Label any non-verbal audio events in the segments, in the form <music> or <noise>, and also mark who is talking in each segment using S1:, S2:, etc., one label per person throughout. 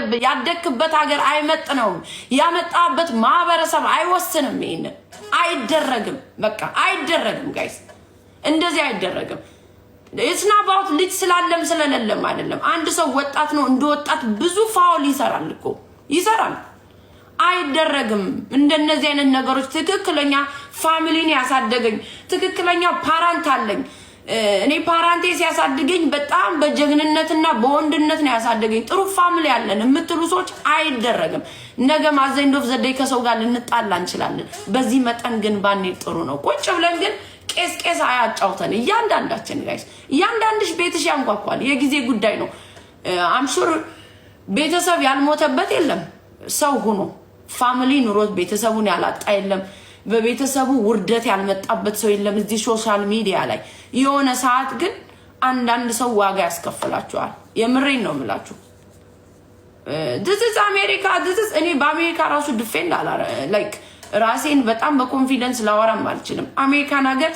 S1: አለብህ። ያደግክበት ሀገር አይመጥነውም። ያመጣበት ማህበረሰብ አይወስንም። ይህን አይደረግም። በቃ አይደረግም። ጋይስ እንደዚህ አይደረግም። የስናባውት ልጅ ስላለም ስለሌለም አይደለም። አንድ ሰው ወጣት ነው። እንደ ወጣት ብዙ ፋውል ይሰራል እኮ ይሰራል። አይደረግም። እንደነዚህ አይነት ነገሮች ትክክለኛ ፋሚሊን ያሳደገኝ ትክክለኛ ፓራንት አለኝ እኔ ፓራንቴስ ያሳድገኝ በጣም በጀግንነትና በወንድነት ነው ያሳደገኝ። ጥሩ ፋሚሊ ያለን የምትሉ ሰዎች አይደረግም። ነገ ማዘንዶፍ ዘደይ ከሰው ጋር ልንጣላ እንችላለን። በዚህ መጠን ግን ባኔ ጥሩ ነው። ቁጭ ብለን ግን ቄስ ቄስ አያጫውተን። እያንዳንዳችን ጋይስ፣ እያንዳንድሽ ቤትሽ ያንኳኳል። የጊዜ ጉዳይ ነው። አምሹር ቤተሰብ ያልሞተበት የለም። ሰው ሁኖ ፋሚሊ ኑሮት ቤተሰቡን ያላጣ የለም። በቤተሰቡ ውርደት ያልመጣበት ሰው የለም እዚህ ሶሻል ሚዲያ ላይ። የሆነ ሰዓት ግን አንዳንድ ሰው ዋጋ ያስከፍላቸዋል። የምሬን ነው የምላችሁ። ድዝዝ አሜሪካ ድዝዝ እኔ በአሜሪካ ራሱ ድፌንድ ላይክ ራሴን በጣም በኮንፊደንስ ላወራም አልችልም። አሜሪካን ሀገር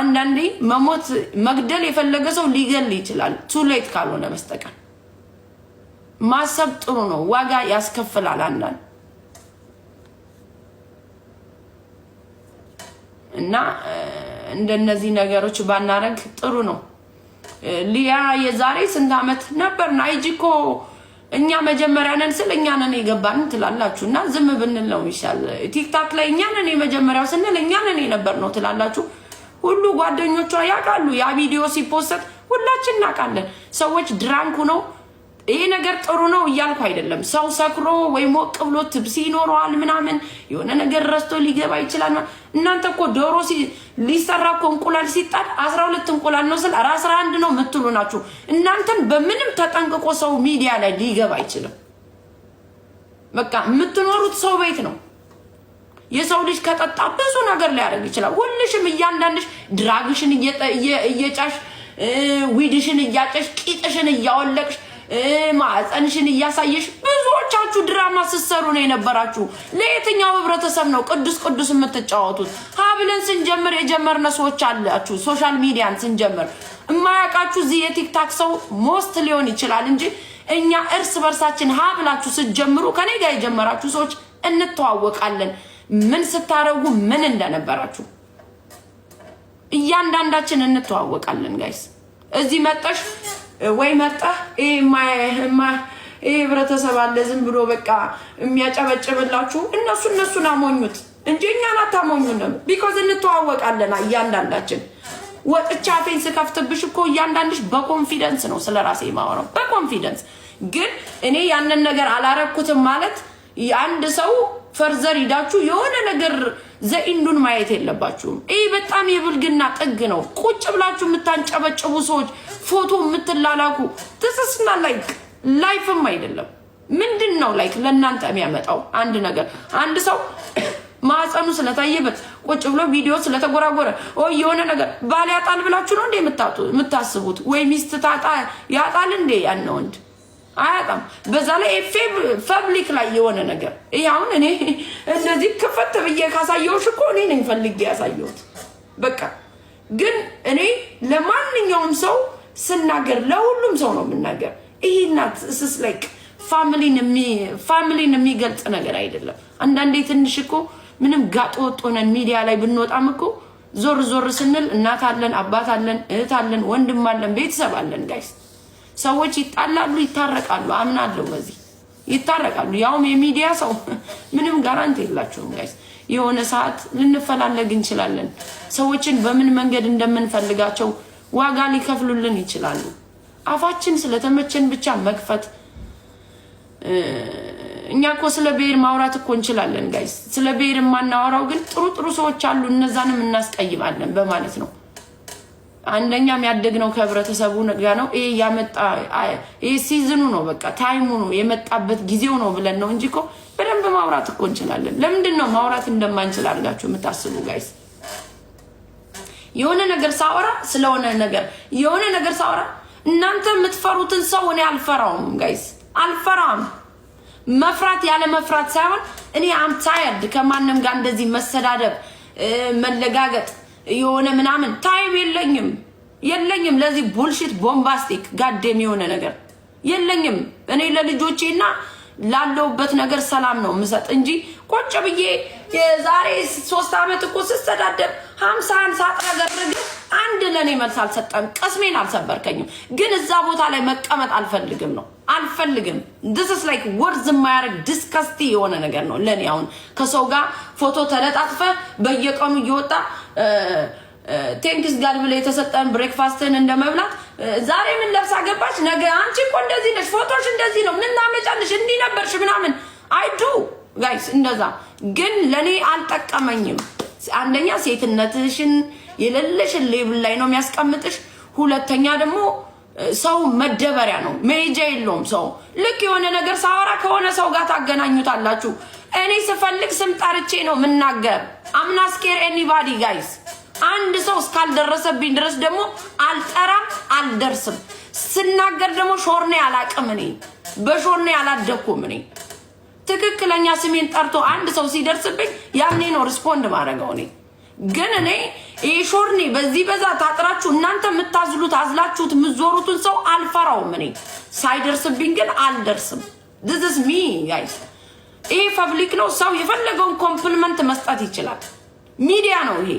S1: አንዳንዴ መሞት መግደል የፈለገ ሰው ሊገል ይችላል፣ ቱሌት ካልሆነ በስተቀር ማሰብ ጥሩ ነው። ዋጋ ያስከፍላል አንዳንድ እና እንደነዚህ ነገሮች ባናረግ ጥሩ ነው። ሊያ የዛሬ ስንት አመት ነበር አይጂ እኮ እኛ መጀመሪያ ነን ስል እኛ ነን የገባንን ትላላችሁ እና ዝም ብንል ነው ይሻል። ቲክታክ ላይ እኛ ነን የመጀመሪያው ስንል እኛ ነን የነበር ነው ትላላችሁ። ሁሉ ጓደኞቿ ያውቃሉ። ያ ቪዲዮ ሲፖሰት ሁላችን እናውቃለን። ሰዎች ድራንኩ ነው ይሄ ነገር ጥሩ ነው እያልኩ አይደለም። ሰው ሰክሮ ወይ ሞቅ ብሎ ትብስ ይኖረዋል ምናምን የሆነ ነገር ረስቶ ሊገባ ይችላል። እናንተ እኮ ዶሮ ሊሰራ እኮ እንቁላል ሲጣል አስራ ሁለት እንቁላል ነው ስል አስራ አንድ ነው የምትሉ ናችሁ። እናንተን በምንም ተጠንቅቆ ሰው ሚዲያ ላይ ሊገባ አይችልም። በቃ የምትኖሩት ሰው ቤት ነው። የሰው ልጅ ከጠጣ ብዙ ነገር ሊያደርግ ይችላል። ሁልሽም እያንዳንድሽ ድራግሽን እየጫሽ ዊድሽን እያጨሽ ቂጥሽን እያወለቅሽ ማህፀንሽን እያሳየሽ ብዙዎቻችሁ ድራማ ስትሰሩ ነው የነበራችሁ። ለየትኛው ህብረተሰብ ነው ቅዱስ ቅዱስ የምትጫወቱት? ሀብልን ስንጀምር የጀመርነ ሰዎች አላችሁ። ሶሻል ሚዲያን ስንጀምር እማያውቃችሁ እዚህ የቲክታክ ሰው ሞስት ሊሆን ይችላል እንጂ እኛ እርስ በርሳችን ሀብላችሁ ስትጀምሩ ከኔ ጋር የጀመራችሁ ሰዎች እንተዋወቃለን። ምን ስታረጉ ምን እንደነበራችሁ እያንዳንዳችን እንተዋወቃለን። ጋይስ እዚህ መጠሽ ወይ መጣ ይህ ህብረተሰብ አለ ዝም ብሎ በቃ የሚያጨበጭብላችሁ እነሱ እነሱን አሞኙት እንጂ እኛን አታሞኙንም። ቢኮዝ እንተዋወቃለና እያንዳንዳችን ወጥቻ ፌን ስከፍትብሽ እኮ እያንዳንድሽ በኮንፊደንስ ነው ስለ ራሴ የማወራው በኮንፊደንስ ግን እኔ ያንን ነገር አላረግኩትም ማለት የአንድ ሰው ፈርዘር ሂዳችሁ የሆነ ነገር ዘኢንዱን ማየት የለባችሁም። ይህ በጣም የብልግና ጥግ ነው። ቁጭ ብላችሁ የምታንጨበጭቡ ሰዎች፣ ፎቶ የምትላላኩ ትስስና ላይክ ላይፍም አይደለም። ምንድን ነው ላይክ ለእናንተ የሚያመጣው አንድ ነገር? አንድ ሰው ማህፀኑ ስለታየበት ቁጭ ብሎ ቪዲዮ ስለተጎራጎረ የሆነ ነገር ባል ያጣል ብላችሁ ነው እንዴ የምታስቡት? ወይ ሚስት ታጣ ያጣል እንዴ ያን ወንድ አያጣም። በዛ ላይ ፐብሊክ ላይ የሆነ ነገር ይሄ አሁን እኔ እንደዚህ ክፈት ብዬ ካሳየሁሽ እኮ እኔ ነኝ ፈልጌ ያሳየሁት። በቃ ግን እኔ ለማንኛውም ሰው ስናገር ለሁሉም ሰው ነው የምናገር። ይሄ እስስ ላይክ ፋሚሊን የሚገልጽ ነገር አይደለም። አንዳንዴ ትንሽ እኮ ምንም ጋጥ ወጥ ሆነን ሚዲያ ላይ ብንወጣም እኮ ዞር ዞር ስንል እናት አለን፣ አባት አለን፣ እህት አለን፣ ወንድም አለን፣ ቤተሰብ አለን ጋይስ ሰዎች ይጣላሉ፣ ይታረቃሉ። አምናለሁ በዚህ ይታረቃሉ። ያውም የሚዲያ ሰው <laughs> ምንም ጋራንቲ የላቸውም ጋይስ። የሆነ ሰዓት ልንፈላለግ እንችላለን። ሰዎችን በምን መንገድ እንደምንፈልጋቸው ዋጋ ሊከፍሉልን ይችላሉ። አፋችን ስለተመቸን ብቻ መክፈት እኛ እኮ ስለ ብሔር ማውራት እኮ እንችላለን ጋይስ። ስለ ብሔር የማናወራው ግን ጥሩ ጥሩ ሰዎች አሉ፣ እነዛንም እናስቀይማለን በማለት ነው። አንደኛ የሚያደግነው ከህብረተሰቡ ጋር ነው። ይሄ ያመጣ ይሄ ሲዝኑ ነው፣ በቃ ታይሙ ነው የመጣበት ጊዜው ነው ብለን ነው እንጂ እኮ በደንብ ማውራት እኮ እንችላለን። ለምንድን ነው ማውራት እንደማንችል አድርጋችሁ የምታስቡ ጋይስ? የሆነ ነገር ሳወራ ስለሆነ ነገር የሆነ ነገር ሳወራ እናንተ የምትፈሩትን ሰው እኔ አልፈራውም ጋይስ፣ አልፈራም። መፍራት ያለ መፍራት ሳይሆን እኔ አምታየርድ ከማንም ጋር እንደዚህ መሰዳደብ፣ መለጋገጥ የሆነ ምናምን ታይም የለኝ የለኝም። ለዚህ ቡልሽት ቦምባስቲክ ጋደም የሆነ ነገር የለኝም። እኔ ለልጆቼና ላለውበት ነገር ሰላም ነው ምሰጥ እንጂ ቆጭ ብዬ የዛሬ ሶስት ዓመት እኮ ስስተዳደር ሀምሳን ሳጥረገርግ አንድ ለእኔ መልስ አልሰጠም። ቅስሜን አልሰበርከኝም፣ ግን እዛ ቦታ ላይ መቀመጥ አልፈልግም ነው አልፈልግም። ድስስ ላይክ ወርዝ የማያደርግ ዲስከስቲ የሆነ ነገር ነው ለእኔ። አሁን ከሰው ጋር ፎቶ ተለጣጥፈ በየቀኑ እየወጣ ቴንክስ ጋር ብለ የተሰጠን ብሬክፋስትን እንደ መብላት ዛሬ ምን ለብሳ ገባች፣ ነገ አንቺ እኮ እንደዚህ ነሽ፣ ፎቶሽ እንደዚህ ነው፣ ምን ታመጫለሽ፣ እንዲህ ነበርሽ ምናምን አይዱ ጋይስ። እንደዛ ግን ለእኔ አልጠቀመኝም። አንደኛ ሴትነትሽን የሌለሽን ሌብል ላይ ነው የሚያስቀምጥሽ። ሁለተኛ ደግሞ ሰው መደበሪያ ነው፣ መሄጃ የለውም ሰው። ልክ የሆነ ነገር ሳወራ ከሆነ ሰው ጋር ታገናኙታላችሁ። እኔ ስፈልግ ስም ጠርቼ ነው ምናገር። አምናስኬር ኤኒባዲ ጋይስ አንድ ሰው እስካልደረሰብኝ ድረስ ደግሞ አልጠራም፣ አልደርስም። ስናገር ደግሞ ሾርኔ አላቅም፣ እኔ በሾርኔ አላደኩም። እኔ ትክክለኛ ስሜን ጠርቶ አንድ ሰው ሲደርስብኝ ያኔ ነው ሪስፖንድ ማድረገው። እኔ ግን እኔ ይህ ሾርኔ በዚህ በዛ ታጥራችሁ እናንተ የምታዝሉት አዝላችሁት የምዞሩትን ሰው አልፈራውም። እኔ ሳይደርስብኝ ግን አልደርስም። ድዝስ ሚ ጋይስ ይሄ ፐብሊክ ነው። ሰው የፈለገውን ኮምፕሊመንት መስጠት ይችላል። ሚዲያ ነው ይሄ።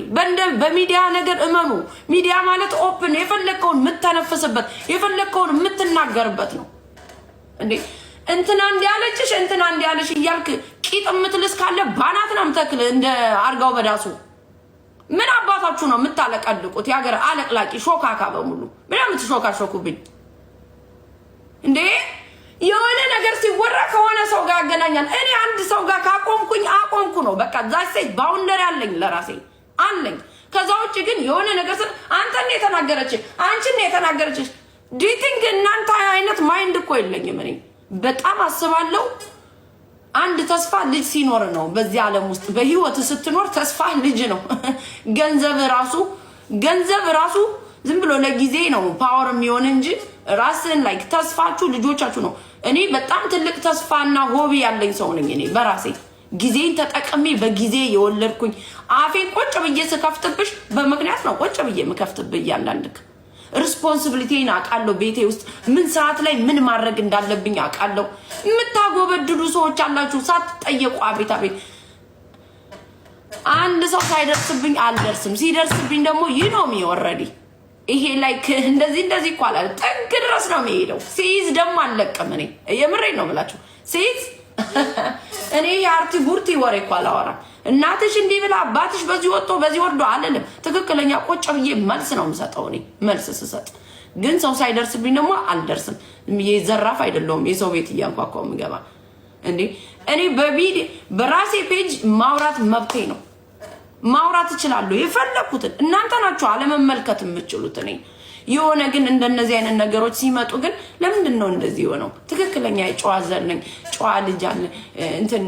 S1: በሚዲያ ነገር እመኑ። ሚዲያ ማለት ኦፕን የፈለግከውን የምተነፍስበት የፈለግከውን የምትናገርበት ነው እንዴ። እንትና እንዲያለችሽ እንትና እንዲያለሽ እያልክ ቂጥ የምትልስ ካለ ባናት ነው የምተክል እንደ አርጋው በዳሱ። ምን አባታችሁ ነው የምታለቀልቁት? የሀገር አለቅላቂ ሾካካ በሙሉ ምን የምትሾካሾኩብኝ እንዴ? የሆነ ነገር ሲወራ ከሆነ ሰው ጋር ያገናኛል። እኔ አንድ ሰው ጋር ካቆምኩኝ አቆምኩ ነው በቃ። ዛሴ ባውንደር አለኝ ለራሴ አለኝ። ከዛ ውጭ ግን የሆነ ነገር አንተን የተናገረች አንቺን የተናገረች ዲቲንግ እናንተ አይነት ማይንድ እኮ የለኝም እኔ በጣም አስባለሁ። አንድ ተስፋ ልጅ ሲኖር ነው በዚህ ዓለም ውስጥ በህይወት ስትኖር ተስፋ ልጅ ነው። <laughs> ገንዘብ ራሱ ገንዘብ ራሱ ዝም ብሎ ለጊዜ ነው ፓወር የሚሆን እንጂ ራስን ላይ ተስፋችሁ ልጆቻችሁ ነው። እኔ በጣም ትልቅ ተስፋና ሆቢ ያለኝ ሰው ነኝ። እኔ በራሴ ጊዜን ተጠቅሜ በጊዜ የወለድኩኝ አፌን ቆጭ ብዬ ስከፍትብሽ በምክንያት ነው። ቆጭ ብዬ የምከፍትብህ እያንዳንድክ ሪስፖንስብሊቲን አውቃለሁ። ቤቴ ውስጥ ምን ሰዓት ላይ ምን ማድረግ እንዳለብኝ አውቃለሁ። የምታጎበድዱ ሰዎች አላችሁ ሳትጠየቁ አቤት አቤት። አንድ ሰው ሳይደርስብኝ አልደርስም፣ ሲደርስብኝ ደግሞ ይኖም ይወረዲ ይሄ ላይ <laughs> እንደዚህ እንደዚህ ይኳላል። ጥግ ድረስ ነው የሚሄደው። ሲይዝ ደግሞ አለቅም እኔ የምሬ ነው ብላችሁ ሲይዝ <laughs> እኔ የአርቲ ቡርቲ ወሬ እኮ አላወራም። እናትሽ እንዲህ ብላ አባትሽ በዚህ ወጥቶ በዚህ ወርዶ አልልም። ትክክለኛ ቆጭ ብዬ መልስ ነው የምሰጠው። እኔ መልስ ስሰጥ ግን ሰው ሳይደርስብኝ ደግሞ አልደርስም። የዘራፍ አይደለሁም። የሰው ቤት እያንኳኳው የምገባ እንዴ እኔ በራሴ ፔጅ ማውራት መብቴ ነው። ማውራት እችላለሁ የፈለኩትን። እናንተ ናችሁ አለመመልከት የምችሉት። እኔ የሆነ ግን እንደነዚህ አይነት ነገሮች ሲመጡ ግን ለምንድን ነው እንደዚህ የሆነው? ትክክለኛ የጨዋ ዘር ነኝ፣ ጨዋ ልጅ አለ እንትን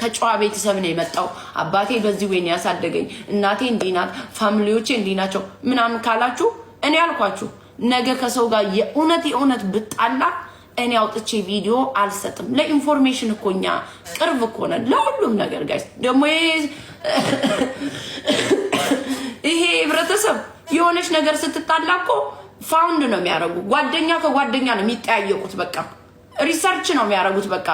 S1: ከጨዋ ቤተሰብ ነው የመጣው። አባቴ በዚህ ወይን ያሳደገኝ፣ እናቴ እንዲህ ናት፣ ፋሚሊዎቼ እንዲህ ናቸው ምናምን ካላችሁ እኔ አልኳችሁ ነገ ከሰው ጋር የእውነት የእውነት ብጣላ እኔ አውጥቼ ቪዲዮ አልሰጥም። ለኢንፎርሜሽን እኮ እኛ ቅርብ እኮ ነን ለሁሉም ነገር ጋይስ ደግሞ ይሄ ህብረተሰብ የሆነች ነገር ስትጣላ እኮ ፋውንድ ነው የሚያደርጉ ጓደኛ ከጓደኛ ነው የሚጠያየቁት። በቃ ሪሰርች ነው የሚያደርጉት። በቃ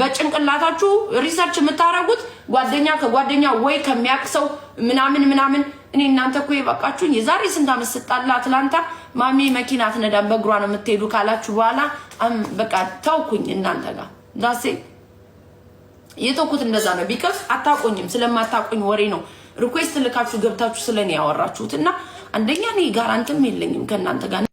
S1: በጭንቅላታችሁ ሪሰርች የምታደርጉት ጓደኛ ከጓደኛ ወይ ከሚያውቅ ሰው ምናምን ምናምን። እኔ እናንተ እኮ የበቃችሁኝ። የዛሬ ስንት ዓመት ስጣላ አትላንታ ማሜ መኪና አትነዳም በእግሯ ነው የምትሄዱ ካላችሁ በኋላ በቃ ተውኩኝ እናንተ ጋር ዳሴ የተውኩት እንደዛ ነው። ቢከፍ አታቆኝም። ስለማታቆኝ ወሬ ነው ሪኩዌስት ልካችሁ ገብታችሁ ስለኔ ያወራችሁት እና አንደኛ እኔ የለኝም ከእናንተ ጋር